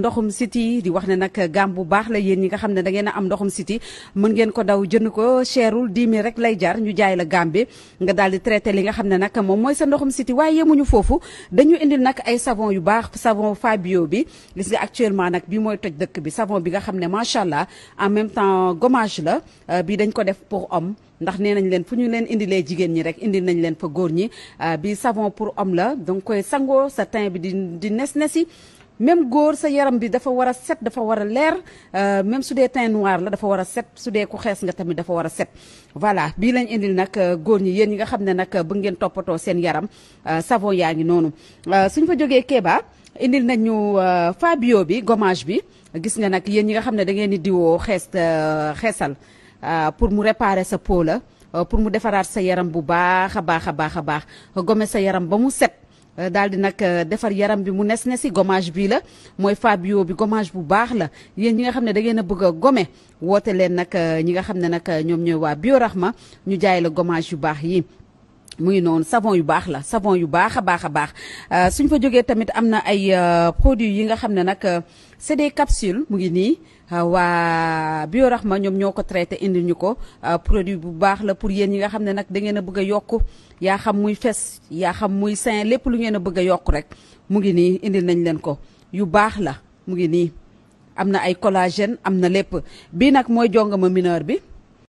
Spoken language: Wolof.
ndoxum siti di wax ne nag gaam bu baax la yéen ñi nga xam ne da ngeen a am ndoxum siti mën ngeen ko daw jënd ko cherul 10 000 rek lay jar ñu jaay la gaam bi nga daal di traité li nga xam ne nag moom mooy sa ndoxum siti waaye yemuñu foofu dañu indil nag ay savon yu baax savon Fabio bi gis nga actuellement nag bi mooy toj dëkk bi savon bi nga xam ne macha allah en même temps gomage la euh, bi dañ ko def pour homme ndax nee nañ leen fu ñu leen indilee jigéen ñi rek indi nañ leen fa góor ñi euh, bi savon pour homme la donc koy sa teint bi di di nes nesi même góor sa yaram bi dafa war a set dafa war a leer euh, même su dee teint noir la dafa war a set su dee ku xees nga tamit dafa war a set voilà bii lañ indil nag euh, góor ñi yéen ñi nga xam ne nag euh, bu ngeen toppatoo seen yaram savon yaa ngi noonu suñ fa jógee Kéba indil nañu Fabio bi gommage bi gis nga nag yéen ñi nga xam ne da ngeen di diwoo xees xeesal pour mu réparer sa peau la pour mu defaraat sa yaram bu baax a baax a baax a baax gome sa yaram ba mu set daal di nag euh, defar yaram bi mu nes ne si gommage bii la mooy Fabio bi gommage bu baax la yéen ñi nga xam ne da ngeen a bëgg a gome woote leen nag euh, ñi nga xam ne nag euh, ñoom ñooy waa rax ma ñu jaay la gommage yu baax yi mu ngi noonu savon yu baax la savon yu baax a baax a baax euh, suñ fa jógee tamit am na ay euh, produits yi nga xam ne nag euh, c'est des capsules mu ngi nii waa ma ñoom ñoo ko traité indi ñu ko produit bu baax la pour yéen yi nga xam ne nag da ngeen a bëgg a yokk yaa xam muy fes yaa xam muy sein lépp lu ngeen a bëgg a yokk rek mu ngi nii indil nañ leen ko yu baax la mu ngi nii am na ay collage collagène am na lépp bii nag mooy jongama mineur bi